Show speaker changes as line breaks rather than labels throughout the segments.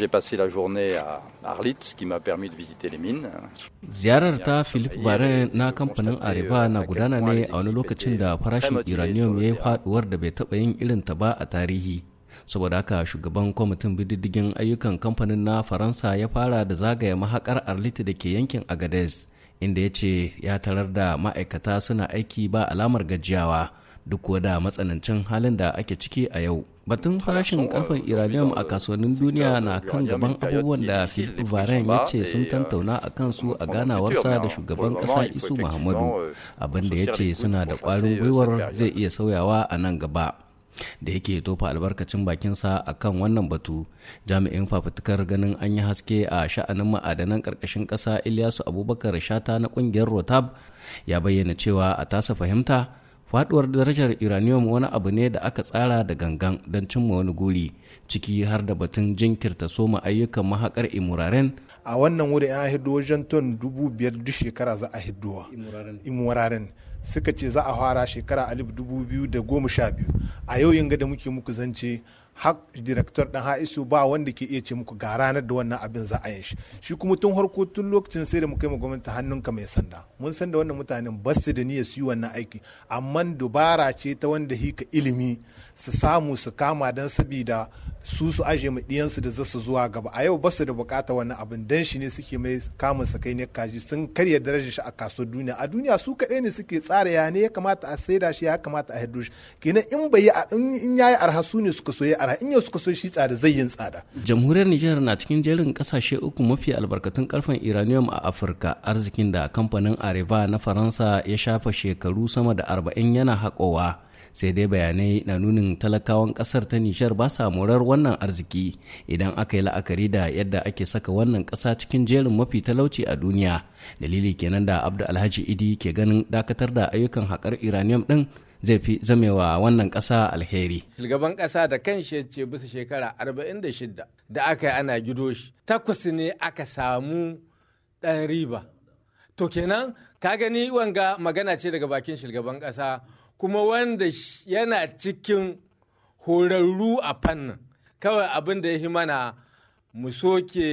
J'ai passé la journée à Arlitz qui m'a permis de visiter les mines.
Ziyarar ta Philippe Barin na kamfanin Areva na gudana ne a wani lokacin da farashin uranium ya yi faduwar da bai taɓa yin irin ta ba a tarihi. Saboda haka shugaban kwamitin bididdigin ayyukan kamfanin na Faransa ya fara da zagaya mahakar Arlit da ke yankin Agadez inda ya ce ya tarar da ma'aikata suna aiki ba alamar gajiyawa duk da matsanancin halin da ake ciki a yau batun farashin karfin iranium a kasuwannin duniya na kan gaban abubuwan da philip varen ya ce sun tantauna a kansu a ganawarsa da shugaban kasa isu muhammadu abinda ya ce suna da kwarin gwiwar zai iya sauyawa a nan gaba da yake tofa albarkacin bakinsa a kan wannan batu jami'in fafutukar ganin an yi haske a sha'anin ma'adanan ƙarƙashin ƙasa ilyasu abubakar shata na ƙungiyar rotab ya bayyana cewa a tasa fahimta faduwar darajar uranium wani abu ne da aka tsara da gangan don cimma wani guri ciki har da batun jinkirta soma
ayyukan mahakar
imuraren
a wannan wuri an hiddo wajen ton dubu biyar duk shekara za a hiddowa imuraren suka ce za a fara shekara alif dubu biyu da goma sha biyu a yau yanga da muke muku zance hak director dan haisu ba wanda ke iya ce muku ga ranar da wannan abin za a yi shi shi kuma tun harko tun lokacin sai da muka yi gwamnati hannunka mai sanda mun san da wannan mutanen ba su da niyyar su yi wannan aiki amma dubara ce ta wanda hika ilimi su samu su kama dan sabida su su aje mu diyansu da zasu zuwa gaba a yau ba su da bukata wannan abin dan shi ne suke mai kamun sakai ne kaji sun karya darajar shi a kasuwar duniya a duniya su kaɗai ne suke tsara ya ne ya kamata a saida shi ya kamata a hiddo shi kenan in bai in yayi arha su ne suka so arha in yau suka so shi tsada zai yin tsada
jamhuriyar Nijar na cikin jerin kasashe uku mafi albarkatun karfin uranium a Afirka arzikin da kamfanin Areva na Faransa ya shafa shekaru sama da 40 yana haƙowa sai dai bayanai na nunin talakawan kasar ta nishar ba sa morar wannan arziki idan aka yi la'akari da yadda ake saka wannan kasa cikin jerin mafi talauci a duniya dalili kenan da abdu alhaji idi ke ganin dakatar da ayyukan haƙar iranium ɗin zai fi zamewa wannan ƙasa alheri.
Shugaban ƙasa da kan shi ce bisa shekara 46 da aka yi ana gido shi, takwas ne aka samu ɗan riba. To kenan, ka gani wanga magana ce daga bakin shugaban ƙasa kuma wanda yana cikin horarru a fannin kawai abin da ya yi mana mu soke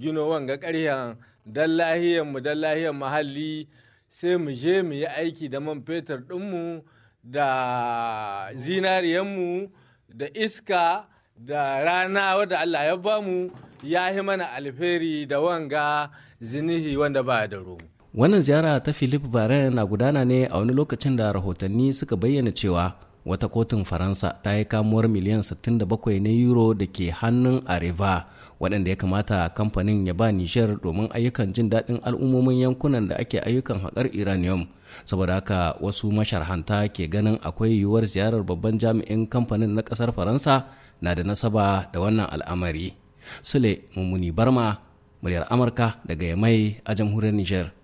gino wanga ƙaryan don lahiyanmu don lahiyar muhalli sai mu je mu yi aiki da man fetur ɗinmu da zinariyanmu da iska da rana wadda Allah ya bamu ya yi mana alferi da wanga zinihi wanda ba da ruwa.
wannan ziyara ta philip varen na gudana ne a wani lokacin da rahotanni suka bayyana cewa wata kotun faransa ta yi kamuwar miliyan 67 na euro da ke hannun areva waɗanda ya kamata kamfanin ya ba nishar domin ayyukan jin daɗin al'ummomin yankunan da ake ayyukan haƙar iranium saboda haka wasu masharhanta ke ganin akwai yiwuwar ziyarar babban jami'in kamfanin na ƙasar faransa na da nasaba da wannan al'amari sule mummuni barma muryar amurka daga yamai a jamhuriyar nijar